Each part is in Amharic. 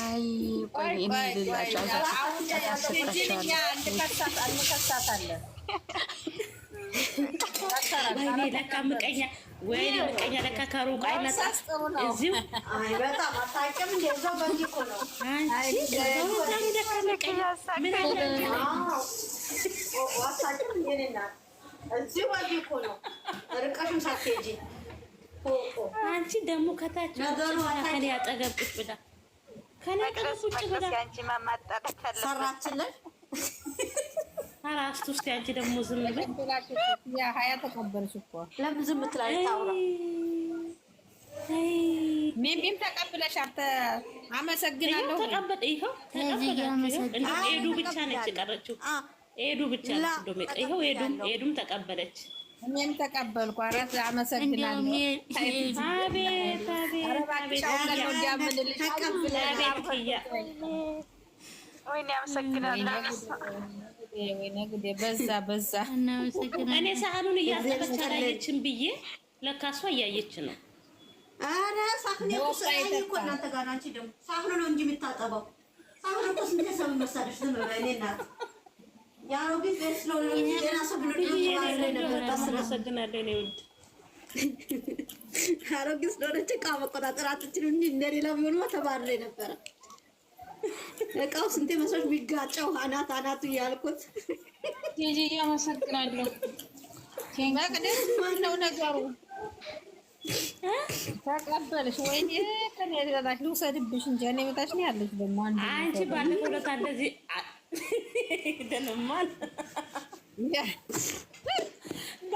አይ ቆይ እኔ ልላቸው አዛስፍራቸዋለሁ። ለካ ምቀኛ ወይኔ ምቀኛ ለካ ከሩቅ አይመጣም። እዚሁ አንቺ ደግሞ ከታች ነገሩ አጠገብ ቁጭ ብላ ከነቀረስ ውጭ ብላ ሰራችልን። ውስጥ ያንቺ ደግሞ ዝም ብለህ ተቀበልሽ እኮ ለምን ዝም ትላለች? ታውራ ሚሚም ተቀብለሽ አንተ አመሰግናለሁ። ተቀበል ይኸው ኤዱ ብቻ ነች የቀረችው። ኤዱ ብቻ ይኸው ኤዱም ተቀበለች። እኔም ተቀበልኩ። ኧረ አመሰግናለሁ። አቤት ወይኔ አመሰግናለሁ። ወይኔ ጉዴ በዛ እኔ ሳህኑን እያጠበች አላየችም ብዬ ለካ እያየች ነው። ኧረ ሳህኑ እኮ እናንተ ጋር አንቺ ደግሞ ሳህኑ ነው እንጂ የምታጠበው ሳህኑ እኮ ስንት ሰው መሳደሽ ዝም ብለው እኔ እናት ያው ግን ስለሆነ ሌላ ሰው ብሎ ነበር። አመሰግናለሁ እኔ ውድ አሮጌ ስለሆነች እቃ መቆጣጠር አትችል እንጂ እንደሌላ ቢሆንማ ተባረ ነበረ። እቃው ስንቴ መስሎሽ የሚጋጨው አናት አናቱ እያልኩት ጂጂ፣ አመሰግናለሁ። መቅደስ ማነው ነገሩ? ተቀበልሽ ወይ ከኔ ከኔታሽ ልውሰድብሽ እንጂ እኔ ቤታሽ ነው ያለች። ደግሞ አንቺ ባለፈው ለታ እንደዚህ ደንማል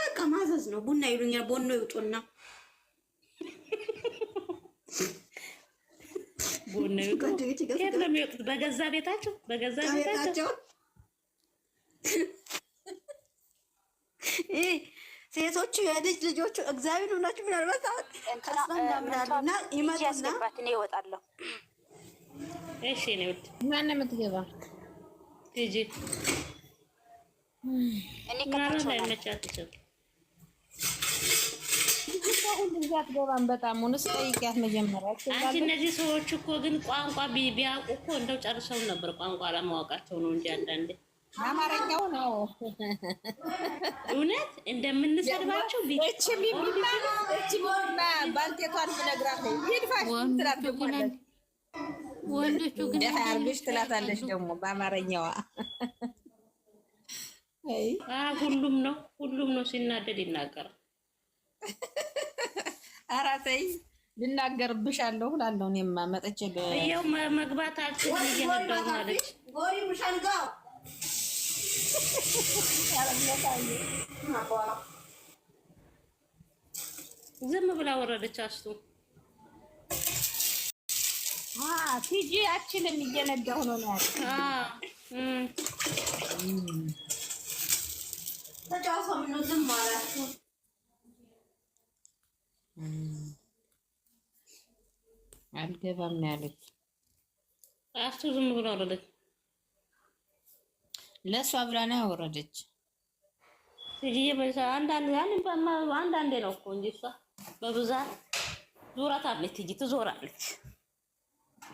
በቃ ማዘዝ ነው። ቡና ይሉኛል። ቦኖ ይውጡና ቦኖ ይውጡ። ነው የሚወጡት? በገዛ ቤታቸው በገዛ ቤታቸው ሴቶቹ የልጅ ልጆቹ እግዚአብሔር ሆናችሁ ምናልባት አስናምናሉና ይመጡና እኔ እወጣለሁ። እሺ ነውት ማን ነው የምትገባ? ሂጂ እኔ ከታች ነው አሁን እዚያ አትገባም። በጣም ሆነ ስጠይቂያት መጀመሪያ አንቺ እነዚህ ሰዎች እኮ ግን ቋንቋ ቢያውቁ እኮ እንደው ጨርሰው ነበር። ቋንቋ አለማወቃቸው ነው እንጂ አንዳንዴ አማርኛው ነው እውነት እንደምንሰድባቸው ባልቴቷን ብነግራት ወንዶቹ ግን አርግሽ ትላታለች ደግሞ በአማርኛዋ ሁሉም ነው ሁሉም ነው ሲናደድ ይናገራል። ኧረ ተይ ልናገርብሻለሁ እላለሁ። እኔማ መጥቼ ይኸው መግባት አልችልም እየመጣሁ አለች። ዝም ብላ ወረደች። አስቱ ቲጂ አችልም እየነዳሁ ነው ነው ያለ አልገባም ነው ያለች። እሱ ዝም ብሎ ወረደች። ለእሷ ብላ ነው ያወረደች። አንዳንዴ ነው እኮ እንጂ እሷ በብዛት ዙራታለች። ትጂ ትዞራለች።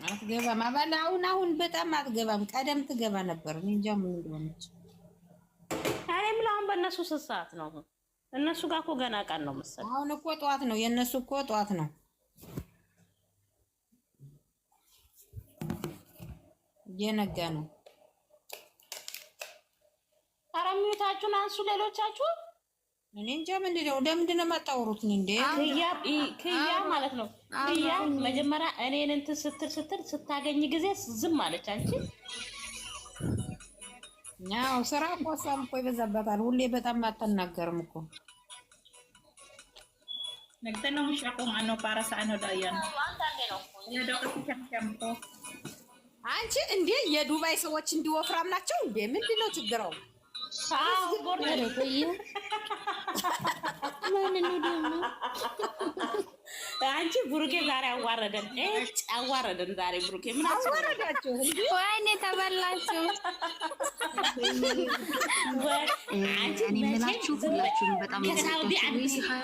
አትገባም። አባል አሁን አሁን በጣም አትገባም። ቀደም ትገባ ነበር። እኔ እንጃ ምን እንደሆነች። እኔ የምለው አሁን በእነሱ ስንት ሰዓት ነው? እነሱ ጋር እኮ ገና ቀን ነው መሰለኝ። አሁን እኮ ጠዋት ነው የእነሱ እኮ ጠዋት ነው። የነገ ነው። ኧረ ሚዩታችሁን አንሱ ሌሎቻችሁ። እኔ እንጃ ምንድን ነው ለምንድን ነው የማታወሩት? እንደ ክያ ማለት ነው። ክያ መጀመሪያ እኔን እንትን ስትል ስትል ስታገኝ ጊዜ ዝም አለች አንቺ ያው ስራ እኮ እሷም እኮ ይበዛባታል። ሁሌ በጣም አትናገርም እኮ Nagtanong siya አንቺ እንዴ የዱባይ ሰዎች እንዲወፍራም ናቸው እንዴ? ምንድን ነው ችግረው? ምን ነው ደግሞ አንቺ ብሩኬ ዛሬ አዋረደን፣ እጭ አዋረደን። ዛሬ ብሩኬ ምን አዋረዳችሁ? ወይኔ ተበላችሁ። አንቺ ምላችሁ ሁላችሁም በጣም ከሳውዲ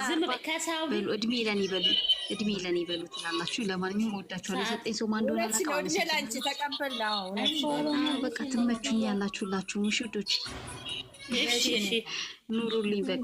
ዝም ከሳውዲ እድሜ ለን ይበሉ እድሜ ለን ይበሉ ትላላችሁ። ለማንኛውም ወዳችኋለሁ። የሰጠኝ ሰው ማን እንደሆነ አላውቅም። በቃ ትመቹኝ ያላችሁላችሁ ምሽዶች ኑሩልኝ በቃ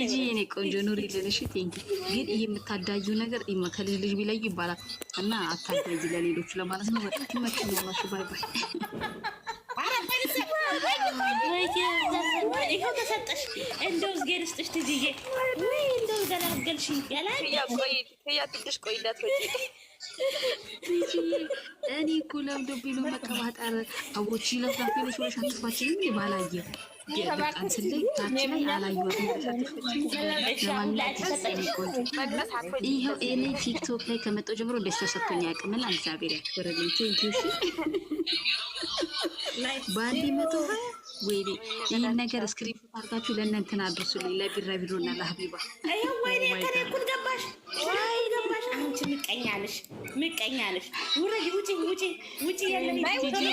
ልጅ የኔ ቆንጆ ኑሪ ልንሽ ቴንኪ። ግን የምታዳዩ ነገር ከልጅ ልጅ ቢለይ ይባላል እና አታዳይ ለሌሎቹ ለማለት ነው። በጣም ትመች ባይ ባይ። ተሰጠሽ። ስጥሽ ወይ እንደው ቆይዳት እኔ እኮ ለምዶብኝ ነው መቀባጠር አቦች ለፍላፊኖች ወለሽ አትፋችንም ባላየ ይኸው እኔ ቲክቶክ ላይ ከመጣሁ ጀምሮ እንደሱ ተሰጥቶኝ አያውቅምና እግዚአብሔር ያክብርልኝ። ቴንኪው በአንዴ መቶ ወይኔ ይህን ነገር እስክሪፕት አድርጋችሁ ለእነ እንትን አድርሱልኝ፣ ለቢራቢሮና ለሀቢባ ምቀኛ ነሽ፣ ምቀኛ ነሽ። ውረድ፣ ውጪ፣ ውጪ፣ ውጪ።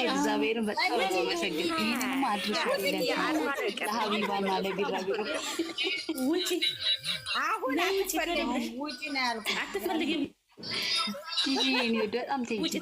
እግዚአብሔርን በጣም አመሰግን። ይህንም አድርሻለን ለሀቢባና ለቢራቢሮ። ውጪ፣ አሁን አትፈልግም፣ አትፈልግም። በጣም ቴንኪው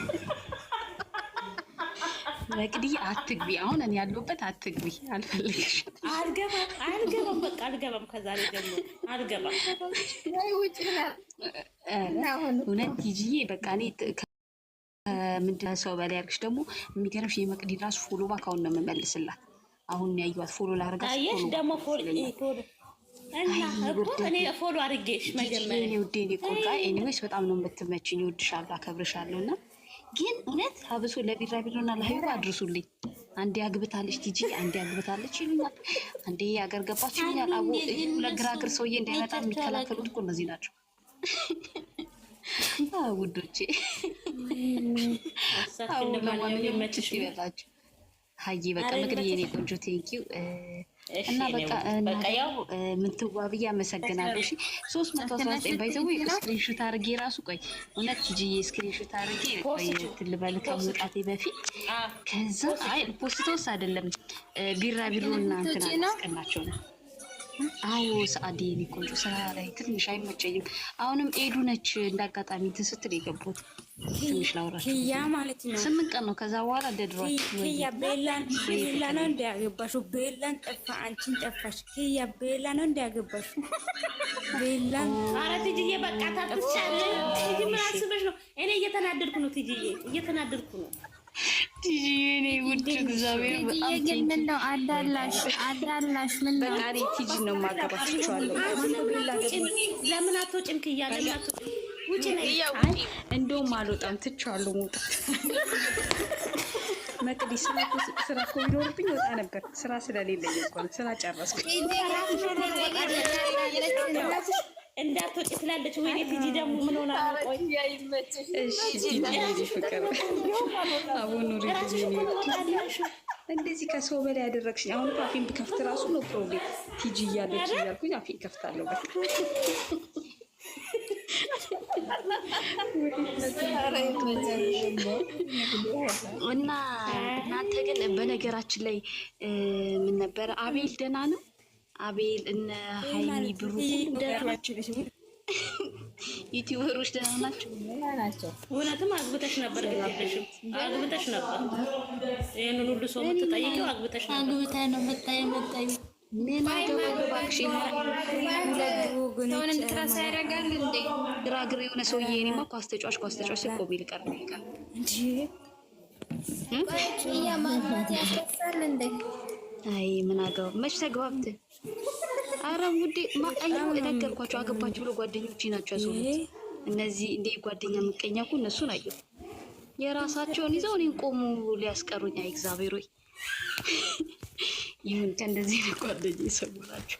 ረቅዲ አትግቢ፣ አሁን እኔ ያለሁበት አትግቢ፣ አልፈልግሽም። አልገባም፣ አልገባም፣ በቃ አልገባም። ከዛሬ ጀምሮ አልገባም። እውነት ጂጂዬ፣ በቃ እኔ ምንድን ሰው በላይ አድርግሽ። ደግሞ የሚገርምሽ የመቅዲ ራሱ ፎሎ ባክ አሁን ነው የምመልስላት። አሁን ያዩዋት ፎሎ ላርጋ ሽ ደግሞ ፎሎ ፎሎ አድርጌሽ መጀመሪያ ውዴ ቆቃ። ኤኒዌይስ በጣም ነው የምትመችኝ። እወድሻለሁ፣ አከብርሻለሁ እና ግን እውነት ሀብሶ ለቢራቢሮና ለሀቢባ አድርሱልኝ። አንዴ አግብታለች ቲጂ፣ አንዴ አግብታለች ይሉኛል፣ አንዴ ያገር ገባች ይሉኛል። አቦ ለግራግር ሰውዬ እንዳይመጣ የሚከላከሉት እኮ እነዚህ ናቸው ውዶቼ። አሁ ለማንኛውም ይበላቸው። ሀይ በቃ ምግድ የኔ ቆንጆ ቴንኪው። እና በቃ ምንትዋብዬ አመሰግናለሁ። እሺ ሶስት መቶ አስራ ዘጠኝ ባይዘው ስክሪንሹት አድርጌ ራሱ ቆይ እውነት ጅ ስክሪንሹት አድርጌ ትልበል ከመውጣቴ በፊት ከዛ አይ ፖስቶስ አይደለም ቢራቢሮ እና እንትን አስቀናቸው ነው አዎ ሰአዴ የኔ ቆንጆ ስራ ላይ ትንሽ አይመቸኝም። አሁንም ኤዱ ነች እንዳጋጣሚ እንትን ስትል የገቡት ትንሽ ላውራሽ ያ ማለት ነው። ስምንት ቀን ነው። ከዛ በኋላ እንደ ድሯችሁ ያ ቤላን ቤላ ነው እንዲያገባሹ ቤላን ጠፋ፣ አንቺን ጠፋሽ። ያ ቤላ ነው እንዲያገባሹ ቤላን ኧረ ትጅዬ በቃ ታጥቻለ። ትጅ ምን አስበሽ ነው? እኔ እየተናደድኩ ነው። ትጅዬ እየተናደድኩ ነው። እኔ ውድ እግዚአብሔር ነው አዳላሽ አዳላሽ ምን ነው በቃ ቲጂ ነው ማቀባችኋለሁ። ለምን አትወጪም? ክያ ለምን እንደውም አልወጣም ትቻለሁ። መውጣት መቅዲ ስራ እኮ ቢኖርብኝ ወጣ ነበር። ስራ ስለሌለኝ እኮ ነው። ስራ ጨረስኩ። እንዳትወጪ ትላለች። ወይኔ ትጂ ደግሞ ምን ሆና እንደዚህ ከሰው በላይ ያደረግሽኝ። አሁን አፌን ብከፍት ራሱ ነው ፕሮብሌም። ቲጂ እያለች እያልኩኝ አፌን ከፍታለሁ። እና እናንተ ግን በነገራችን ላይ ምን ነበረ አቤል ደህና ነው አቤል እነ ሀይሚ ብሩ ዩቲዩበሮች ደህና ናቸው ናቸው። እውነትም አግብተሽ ነበር አግብተሽ ነበር። ይህንን ሁሉ ሰው የምትጠይቀው አግብተሽ ነበር። አግብታ ነው መታይ መጣይ ግራግር የሆነ ሰውዬ። እኔማ ኳስ ተጫዋች ኳስ ተጫዋች ስቆ ቢል ነው ይቀር እንዴ። አይ ምን አገባ መች ተግባብተን አረ ውዴ ማቀኛው የነገርኳቸው አገባች ብሎ ጓደኞች ናቸው ያሰሩት። እነዚህ እንደ ጓደኛ ምቀኛ እኮ እነሱን አየሁ። የራሳቸውን ይዘው እኔን ቆሙ ሊያስቀሩኝ። አይ እግዚአብሔር ወይ ይሁን ከእንደዚህ ጓደኛ ይሰሙ ናቸው።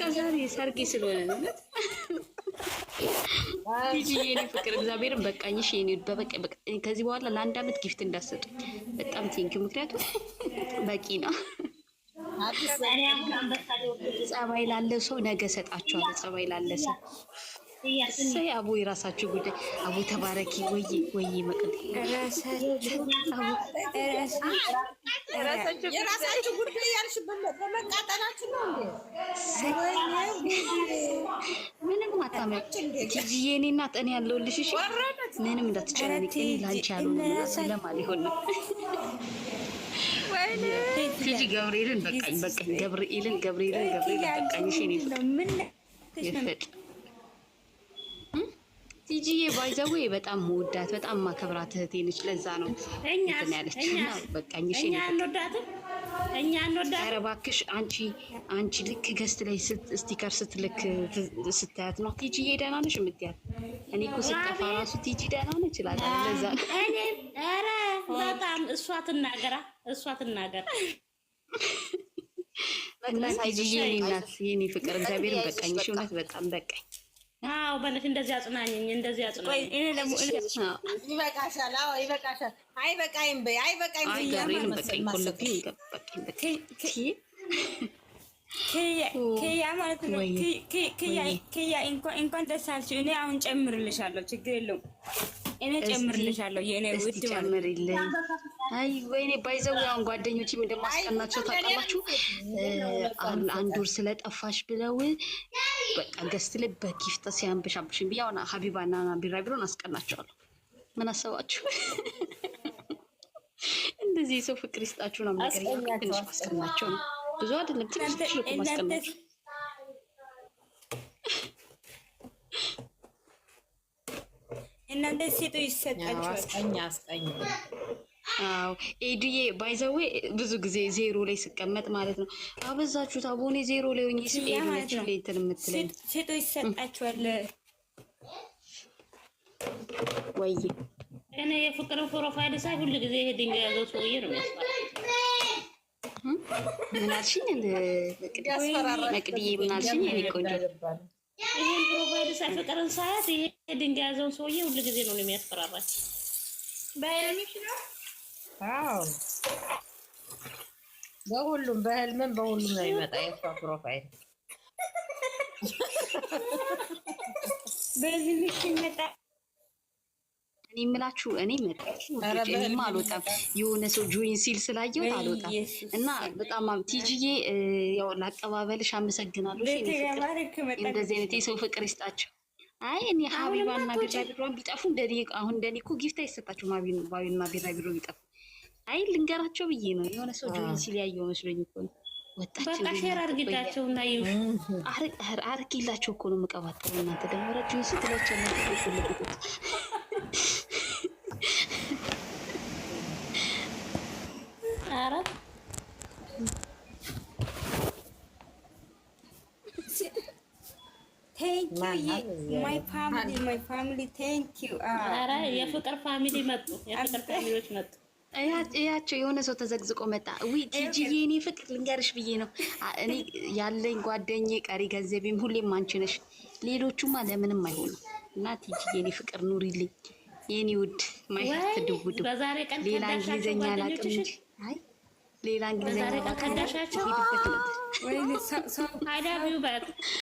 ከዛሬ ሰርጌ ስለሆነ ነው። የኔ ፍቅር እግዚአብሔርን በቃኝሽ። ከዚህ በኋላ ለአንድ አመት ጊፍት እንዳሰጡ በጣም ቴንኪው። ምክንያቱም በቂ ነው። ጸባይ ላለ ሰው ነገ ሰጣቸዋለሁ። ጸባይ ላለ ሰው እሰይ። አቡ የራሳችሁ ጉዳይ። አቡ ተባረኪ። ወይዬ ወይዬ መቅድ የራሳችሁ ጉዳይ ያልሽበት በመቃጠላችሁ ነው። ምንም አታመጭ የኔ እናት፣ እኔ ያለሁልሽ። እሺ ምንም እንዳትጨነቂ፣ ላንቺ ያልሆነ ለማልሆን ነው። ቲጂ ገብርኤልን በቃኝ፣ በቃኝ፣ ገብርኤልን፣ ገብርኤልን፣ ገብርኤልን በቃኝ። እሺ እኔ ቲጂዬ ባይዘዌ በጣም መወዳት በጣም ማከብራት እህቴ ነች። ለዛ ነው እኛ በቃ ኧረ እባክሽ አንቺ አንቺ ልክ ገስት ላይ ስቲከር ስትልክ ስታያት ነው ቲጂዬ ደህና ነሽ የምትያት። እኔ እኮ ስጠፋ ራሱ ቲጂ ደህና ነች እላለሁ። ለዛ ኧረ በጣም እሷ ትናገራ እሷ ትናገራ እና ቲጂዬ የእኔ እናት ፍቅር እግዚአብሔር በቃኝ። እሺ እውነት በጣም በቃኝ። አዎ በለሽ እንደዚህ አጽናኝኝ፣ እንደዚህ አጽናኝ። ይበቃሻል። አዎ ይበቃሻል። በይ፣ በይ። ክያ ማለት ነው። ክያ እንኳን ደስ አለሽ። እኔ አሁን ጨምርልሻለሁ፣ ችግር የለውም። እኔ ጨምርልሻለሁ፣ የእኔ ውድ ጨምርልኝ። አይ ወይኔ ባይዘው ጓደኞችም እንደማስቀናቸው ታውቃላችሁ። አንድ ወር ስለጠፋሽ ብለው በቃ ገስት ላይ በጊፍት ሲያንበሻብሽን ብዬ አሁን ሀቢባና ቢራ ቢሮን አስቀናቸዋለሁ። ምን አሰባችሁ? እንደዚህ የሰው ፍቅር ይስጣችሁ ነው። ነገር ትንሽ ማስቀናቸው ነው፣ ብዙ አይደለም፣ ትንሽ ልኩ ማስቀናቸው እናንተ ሴቶ ይሰጣችኋል። አስቀኝ አስቀኝ አዎ ኤድዬ ባይዘዌ ብዙ ጊዜ ዜሮ ላይ ስቀመጥ ማለት ነው። አበዛችሁ ታቦኔ ዜሮ ላይ ሆኜ እንትን የምትለኝ ሴቶች ይሰጣችኋል ወይ? እኔ የፍቅር ፕሮፋይል ሳይ ሁሉ ጊዜ ይሄ ድንጋይ ያዘው ሰውዬ ነው ምናልሽኝ፣ መቅድዬ ምናልሽኝ፣ የኔ ቆንጆ ይህን ፕሮፋይል ሳይ ፍቅርን ሳያት ይሄ ድንጋይ ያዘውን ሰውዬ ሁሉ ጊዜ ነው የሚያስፈራራች። ባይለሚሽ ነው አዎ በሁሉም በህልምም በሁሉም ነው የሚመጣ የእሷ ፕሮፋይል በዚህ ልክ ይመጣ። እኔ የምላችሁ እኔ መጣችሁም አልወጣም። የሆነ ሰው ጆይን ሲል ስላየው አልወጣም እና በጣም ቲጂዬ ያው ለአቀባበልሽ አመሰግናለሁ። እንደዚህ አይነት የሰው ፍቅር ይስጣቸው። አይ እኔ ሀቢባና ቢራቢሮ ቢጠፉ እንደኔ አሁን እንደኔ እኮ ጊፍት አይሰጣቸውም። ሀቢባና ቢራቢሮ ቢጠፉ አይ ልንገራቸው ብዬ ነው። የሆነ ሰው ጆይን ሲል ያየው መስሎኝ እኮ ነው። በቃ ሼር አርግላቸው እና ይሁ አርግላቸው እኮ ነው የምቀባጠሩ። እናንተ ደግሞ ረ ጆይን ስትላቸው ነ አራት የፍቅር ፋሚሊ መጡ። የፍቅር ፋሚሊዎች መጡ። ያቸው የሆነ ሰው ተዘግዝቆ መጣ። ውይ ጂጂ የኔ ፍቅር ልንገርሽ ብዬ ነው እኔ ያለኝ ጓደኝ ቀሪ ገንዘቤም ሁሌም አንቺ ነሽ። ሌሎቹማ ለምንም አይሆኑም። እና ቲጂ የኔ ፍቅር ኑሪልኝ የኔ ውድ ማይሀት ድውድ ሌላ እንግሊዘኛ አላውቅም እንጂ አይ ሌላ እንግሊዘኛ